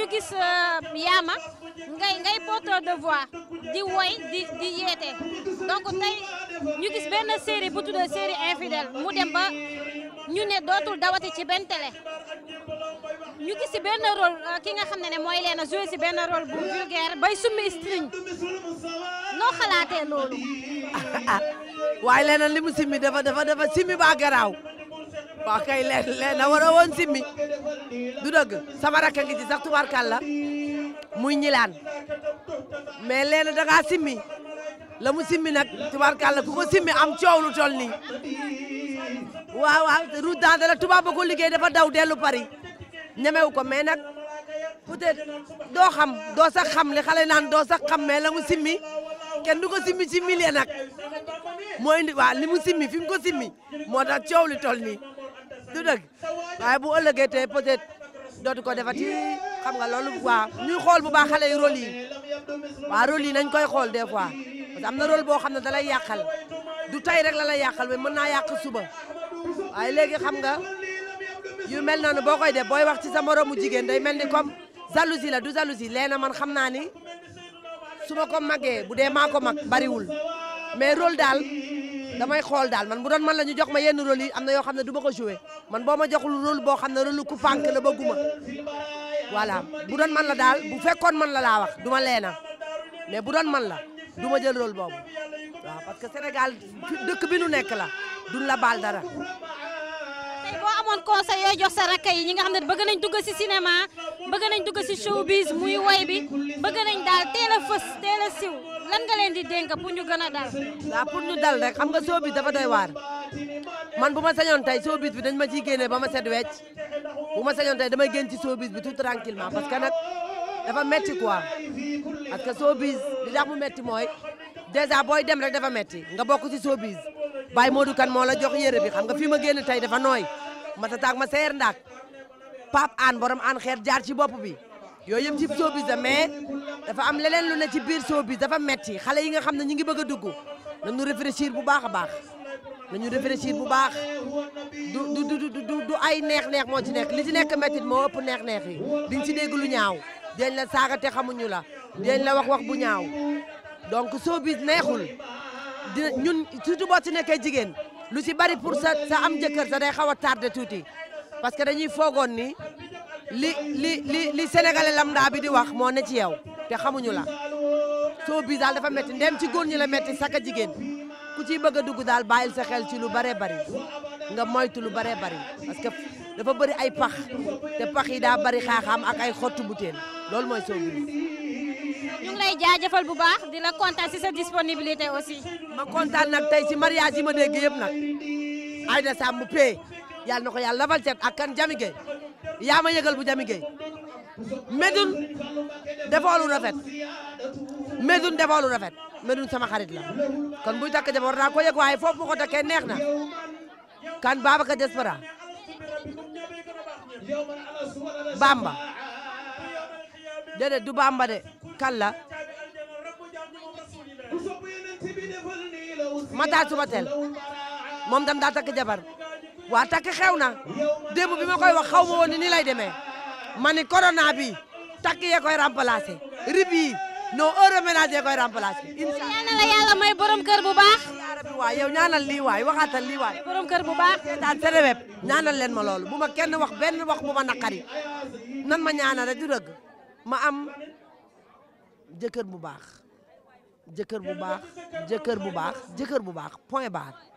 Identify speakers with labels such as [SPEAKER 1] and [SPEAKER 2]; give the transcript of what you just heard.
[SPEAKER 1] ñu gis euh, yaama ngay ngay de voix di woy di di yeete donc tey ñu gis benn série bu tudd série infidèle mu dem ba ñu ne dootul dawati ci benn télé ñu gis si benn rôle euh, ki nga xam ne ne mooy leen a joué si benn rôle bu vulgaire bay summi string noo xalaatee loolu. waaye leneen li mu simmi dafa dafa dafa simmi baa garaaw. waaw kay leen leen na waroo woon simmi du dëgg sama rakk ngi ci sax tubarkalla muy ñilaan mais leen dangaa simmi la mu simmi nag tubarkalla ku ko simmi am coow lu toll nii waaw waaw route dante la tubaab liggéey dafa daw dellu Paris ñemewu ko mais nag peut doo xam doo sax xam li xale naan doo sax xam mais la mu simmi kenn du ko simmi ci millier nag mooy indi li mu simmi fi mu ko simmi moo tax coow li toll nii du dëgg waaye bu ëllëgee te peut-être dootu ko defati xam ga loolu waaw ñuy xool bu baax xale yi rôle yi waaw rôle yi nañ koy xool des fois parce que am na rôle boo xam ne da lay yàqal du tey rek la la yàqal mais mën naa yàq suba waaye léegi xam nga yu mel noonu boo koy def booy wax ci sa moromu jigéen day mel ni comme jalousie la du jalousie leena man xam naa ni su ma ko màggee bu dee maa ko mag bariwul mais rôle daal damay xool daal man bu doon man la ñu jox ma yenn rôle yi am na yoo xam ne du ma ko joué man boo ma joxul rôle boo xam ne rôle ku fànk la bëgguma voilà bu doon man la daal bu fekkoon man la laa wax du ma leena mais bu doon man la du ma jël rôle boobu waaw parce que Sénégal dëkk bi nu nekk la duñ la baal dara tey boo amoon conseil yooyu jox sa rakk yi ñi nga xam ne bëgg nañ dugg ci cinéma bëgg nañ dugg si showbiz muy woy bi bëgg nañ daal teel a fës teel a siw lan nga leen di dénk pour ñu gën a dal. waaw pour ñu dal rek xam nga showbiz dafa doy waar man bu ma sañoon tey showbiz bi dañ ma ciy génnee ba ma set wecc bu ma sañoon tey damay génn ci showbiz bi tout tranquillement parce que nag dafa metti quoi parce que showbiz li tax mu metti mooy déjà booy dem rek dafa metti nga bokk ci showbiz. moo Modou kan moo la jox yére bi xam nga fi ma génn tey dafa nooy matataak ma seer ndaak Pape Aan borom aan xeer jaar ci bopp bi yooyu yëpp ci showbiz la mais dafa am leneen lu ne ci biir showbiz dafa metti xale yi nga xam ne ñu ngi bëgg a dugg nañu réfléchir bu baax a baax nañu réfléchir bu baax du du du du ay neex-neex moo ci nekk li ci nekk méttit moo ëpp neex-neex bi diñ ci dégg lu ñaaw dañ la saaga te xamuñu la dañ la wax wax bu ñaaw donc showbiz neexul di ñun surtout boo ci nekkee jigéen lu si bari pour sa sa am jëkkër sa day xaw a tardé tuuti parce que dañuy foogoon ni li li li li sénégalais lambda bi di wax moo ne ci yow te xamuñu la soo bii daal dafa métti ndem ci góor ñi la métti saka jigéen ku ciy bëgg a dugg daal bàyyil sa xel ci lu baree bari nga moytu lu baree bari parce dafa bëri ay pax te pax yi daa bari xaaxaam ak ay xottu butéel loolu mooy soo bii ñu ngi lay bu baax di la kontaan si sa disponibilité aussi. ma kontaan nag tey si mariage yi ma dégg yëpp nag Aïda Samb P yàlla na ko yàlla lafal cet ak kan Jami Gueye yaa ma bu Jami Gueye Médoune defoolu rafet Médoune defoolu rafet Médoune sama xarit la kon buy takk jabar war naa ko yëg waaye foofu mu ko takkee neex na kan Babacar Diaspora Bamba déedéet du Bamba de. kalla Matar Subatel moom dam daa takk jabar waa takk xew na démb bi ma koy wax xaw ma woon ni lay demee ma ni corona bi takk yee koy remplacer rib yi non heure koy remplacer incha allah la yàlla may borom kër bu baax waaw yow ñaanal lii waay waxaatal lii waay borom kër bu baax daan Seneweb ñaanal leen ma loolu bu ma kenn wax benn wax bu ma naqari nan ma ñaanal du dëgg ma am jëkkër bu baax jëkkër bu baax jëkkër bu baax jëkkër bu baax point barre